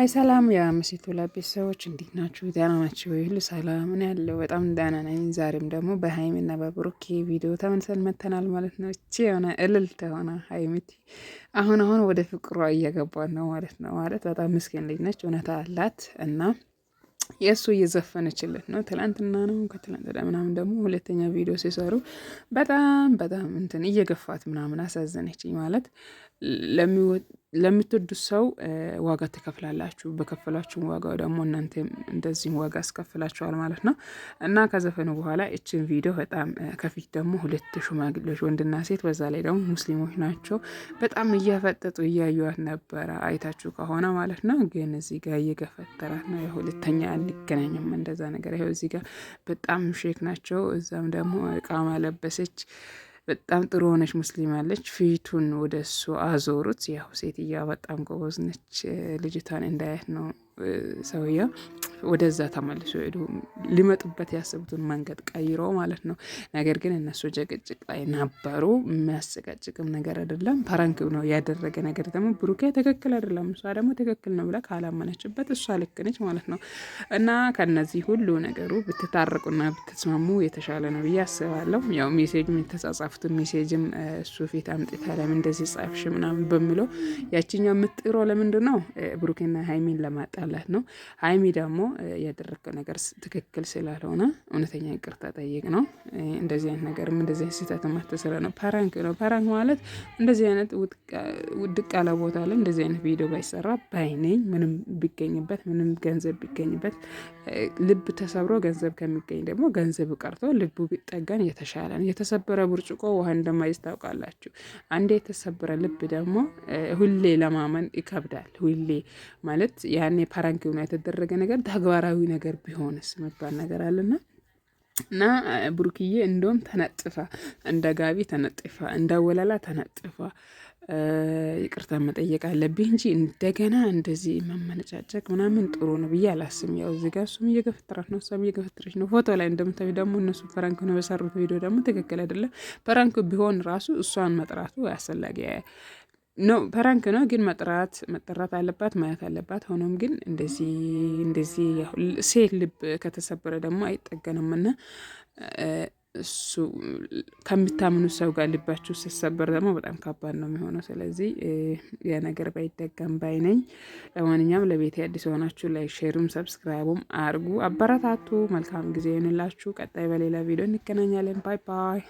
አይ ሰላም የምሲቱ ለቤት ሰዎች እንዴት ናችሁ? ደህና ናችሁ ወይ? ሁሉ ሰላም ነው ያለው። በጣም ደህና ነኝ። ዛሬም ደግሞ በሀይሚና በብሩኬ ቪዲዮ ተመልሰን መተናል ማለት ነው። እቺ የሆነ እልል ተሆነ ሀይሚቲ አሁን አሁን ወደ ፍቅሯ እየገባን ነው ማለት ነው። ማለት በጣም ምስኪን ልጅ ነች፣ እውነታ አላት እና የእሱ እየዘፈነችለት ነው። ትላንትና ነው ከትላንት ወዲያ ምናምን ደግሞ ሁለተኛ ቪዲዮ ሲሰሩ በጣም በጣም እንትን እየገፋት ምናምን አሳዘነችኝ ማለት ለሚወ ለምትወዱት ሰው ዋጋ ትከፍላላችሁ። በከፈላችሁም ዋጋው ደግሞ እናንተ እንደዚህም ዋጋ አስከፍላችኋል ማለት ነው እና ከዘፈኑ በኋላ እችን ቪዲዮ በጣም ከፊት ደግሞ ሁለት ሽማግሌዎች ወንድና ሴት፣ በዛ ላይ ደግሞ ሙስሊሞች ናቸው። በጣም እያፈጠጡ እያዩት ነበረ፣ አይታችሁ ከሆነ ማለት ነው። ግን እዚህ ጋር እየገፈተራት ነው። ያው ሁለተኛ አንገናኝም እንደዛ ነገር። ይኸው እዚህ ጋር በጣም ሼክ ናቸው፣ እዛም ደግሞ እቃማ ለበሰች። በጣም ጥሩ ሆነች ሙስሊም አለች። ፊቱን ወደ እሱ አዞሩት። ያው ሴትዮዋ በጣም ጎበዝ ነች። ልጅቷን እንዳያት ነው ሰውየው ወደዛ ተመልሶ ሄዱ። ሊመጡበት ያሰቡትን መንገድ ቀይሮ ማለት ነው። ነገር ግን እነሱ ጭቅጭቅ ላይ ነበሩ። የሚያስጨቀጭቅም ነገር አይደለም። ፕራንክ ነው ያደረገ ነገር ደግሞ ብሩኬ ትክክል አይደለም፣ እሷ ደግሞ ትክክል ነው ብላ ካላመነችበት እሷ ልክ ነች ማለት ነው። እና ከነዚህ ሁሉ ነገሩ ብትታረቁና ብትስማሙ የተሻለ ነው ብዬ አስባለሁ። ያው ሜሴጅም የተጻጻፉትን ሜሴጅም እሱ ፊት አምጥታ ለምን እንደዚህ ጻፍሽ ምናምን በሚለው ያችኛው የምትጥሮ ለምንድን ነው ብሩኬና ሀይሚን ለማጣል ማለት ነው። ሀይሚ ደግሞ ያደረግከው ነገር ትክክል ስላልሆነ እውነተኛ ይቅርታ ጠይቅ ነው። እንደዚህ አይነት ነገርም እንደዚህ አይነት ስህተት ማተሰረ ነው። ፓራንክ ነው። ፓራንክ ማለት እንደዚህ አይነት ውድቅ ያለ ቦታ ላይ እንደዚህ አይነት ቪዲዮ ባይሰራ ባይነኝ። ምንም ቢገኝበት፣ ምንም ገንዘብ ቢገኝበት፣ ልብ ተሰብሮ ገንዘብ ከሚገኝ ደግሞ ገንዘብ ቀርቶ ልቡ ቢጠገን የተሻለ ነው። የተሰበረ ብርጭቆ ውሃ እንደማይዝ ታውቃላችሁ። አንድ የተሰበረ ልብ ደግሞ ሁሌ ለማመን ይከብዳል። ሁሌ ማለት ያኔ ከራንኪ ሆኖ የተደረገ ነገር ተግባራዊ ነገር ቢሆንስ መባል ነገር አለና እና ብሩክዬ እንደውም ተነጥፋ እንደ ጋቢ ተነጥፋ እንደ ወላላ ተነጥፋ ይቅርታ መጠየቅ አለብኝ እንጂ እንደገና እንደዚህ መመነጫጨቅ ምናምን ጥሩ ነው ብዬ አላስብም። ያው እዚህ ጋር እሱም እየገፈተራት ነው፣ እሷም እየገፈተረች ነው። ፎቶ ላይ እንደምታዩ ደግሞ እነሱ ፕራንክ ነው በሰሩት ቪዲዮ ደግሞ ትክክል አይደለም። ፕራንክ ቢሆን ራሱ እሷን መጥራቱ አስፈላጊ ኖ ፕራንክ ነው ግን መጥራት መጠራት አለባት ማየት አለባት። ሆኖም ግን እንደዚህ እንደዚህ ሴት ልብ ከተሰበረ ደግሞ አይጠገንም እና እሱ ከምታምኑ ሰው ጋር ልባችሁ ስትሰበር ደግሞ በጣም ከባድ ነው የሚሆነው። ስለዚህ የነገር ባይደገም ባይ ነኝ። ለማንኛውም ለቤት አዲስ የሆናችሁ ላይ ሼሩም ሰብስክራይቡም አርጉ፣ አበረታቱ። መልካም ጊዜ ይሆንላችሁ። ቀጣይ በሌላ ቪዲዮ እንገናኛለን። ባይ ባይ